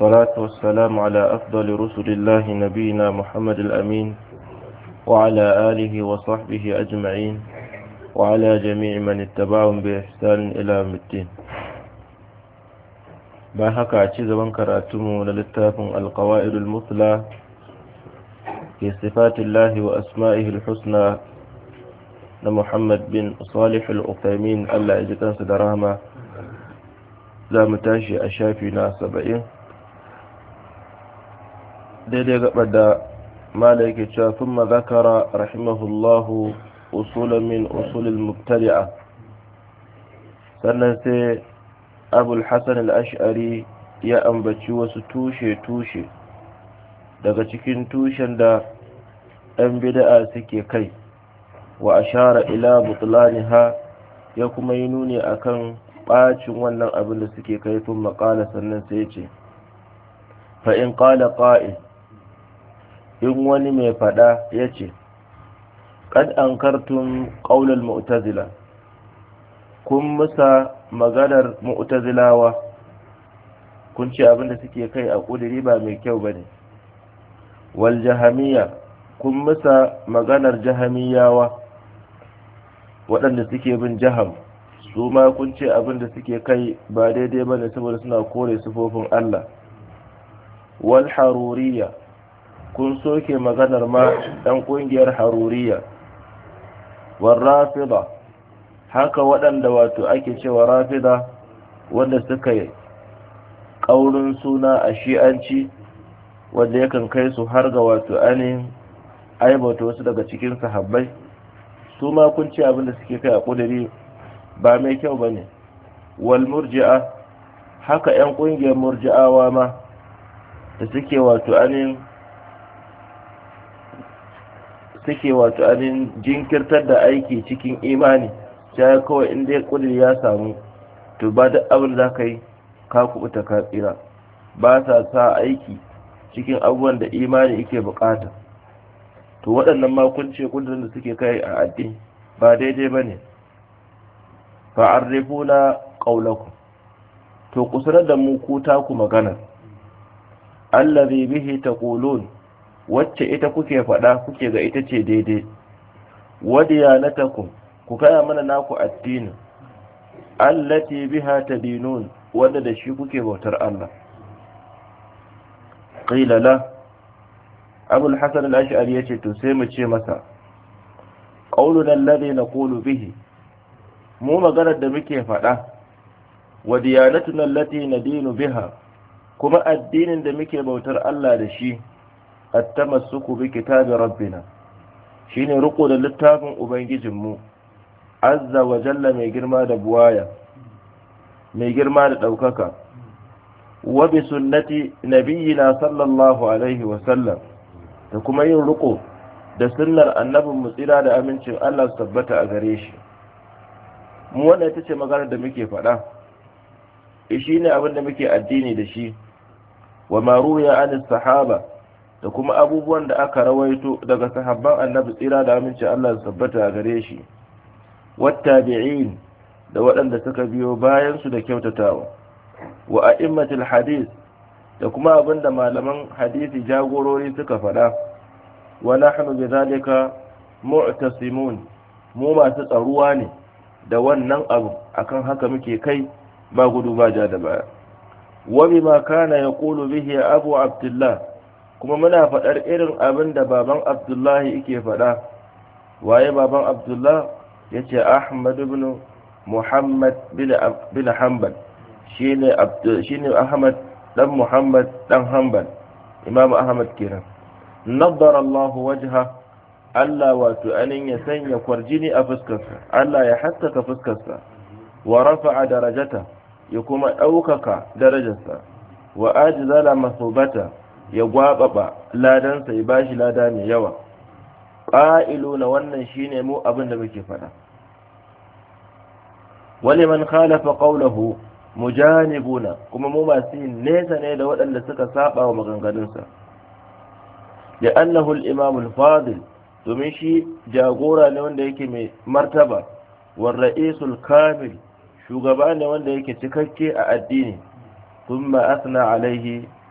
والصلاة والسلام على أفضل رسل الله نبينا محمد الأمين وعلى آله وصحبه أجمعين وعلى جميع من اتبعهم بإحسان إلى الدين ما هكا وانكر من كرأتمه القوائد المثلى في صفات الله وأسمائه الحسنى لمحمد بن صالح الأقيمين ألا كان صدرهما لا متاشي أشافي سبعين daidai gaba da mala yake cewa sun mazakara rahimahullahu usulamin usulil mubtadi'a sannan sai abul hassan al'ashari ya ambaci wasu tushe-tushe daga cikin tushen da ɗan bida'a suke kai wa ashara ila ha ya kuma yi nuni akan ɓacin wannan abin da suke kai sun maƙala sannan sai ce fa'in ƙala ƙa'il in wani mai fada ya ce kad an kartun ƙaunar mu'tazila kun musa maganar mu'tazilawa kun ce abinda suke kai a ƙudiri ba mai kyau ba ne wal jahamiya kun musa maganar jahamiyawa waɗanda suke bin jaham su ma kun ce abinda suke kai ba daidai ba ne saboda suna kore sufofin allah wal kun soke maganar ma ɗan ƙungiyar haruriya warrafida haka waɗanda wato ake cewa rafida wanda suka yi ƙaurin suna a shi'anci wanda yakan kai su har ga wato ainihin aibata wasu daga cikin sahabbai su ma kun ce abin da suke kai a ƙudiri ba mai kyau ba ne wal murji'a haka 'yan ƙungiyar murji'awa ma da suke wato ainihin suke wato anin jinkirtar da aiki cikin imani yi kawai inda ya kudir ya samu to ba da abin da ka yi ka kubuta ka tsira ba sa sa aiki cikin abubuwan da imani yake bukata to waɗannan makunce kudirin da suke kai a addini ba daidai ba ne na ƙaunaku to kusurar da mu ku ta ku magana allazi bihi taqulun wacce ita kuke faɗa kuke ga ita ce daidai wadiyanatakum ku kaya mana naku addini allati biha tadinun wanda da shi kuke bautar Allah qila la abul hasan al-ash'ari yace to sai mu ce masa qawluna alladhi naqulu bihi mu maganar da muke faɗa wa diyanatuna allati nadinu biha kuma addinin da muke bautar Allah da shi attamassuku bi kitabi rabbina shine riko da littafin ubangijinmu azza wa jalla mai girma da buwaya mai girma da ɗaukaka wa bi sunnati nabiyina sallallahu alaihi wa sallam da kuma yin ruku da sunnar annabin mu tsira da amincin Allah su tabbata a gare shi mu wannan ita ce maganar da muke faɗa e, shi ne abin da muke addini da shi wa maruya ruya an sahaba da kuma abubuwan da aka rawaito daga sahabban annabi tsira da aminci Allah su tabbata gare shi wattabi'in da waɗanda suka biyo bayan su da kyautatawa wa a'immatul hadith da kuma abinda malaman hadisi jagorori suka faɗa wa nahnu bidhalika mu'tasimun mu masu tsaruwa ne da wannan abu akan haka muke kai ba gudu ba ja da baya wa bima kana yaqulu bihi abu abdullah kuma muna faɗar irin abin da baban abdullahi yake faɗa waye baban Abdullahi ya ce ahmad ibn muhammad bin hanbal shi ne ahmad dan muhammad dan hanbal imam ahmad kenan nadar allah wajha allah wato anin ya sanya kwarjini a fuskarsa allah ya haskaka fuskarsa wa rafa'a darajata ya kuma ɗaukaka darajarsa wa ajzala masobata. ya gwababa ladansa ya bashi lada mai yawa ƙa'ilu na wannan shine mu abin da muke faɗa wani man khalafa ƙaunahu mujanibuna kuma mu masu yin nesa ne da waɗanda suka saba wa maganganunsa da annahul imamul fadil domin shi jagora ne wanda yake mai martaba war ra'isul kamil shugaba ne wanda yake cikakke a addini thumma asna alaihi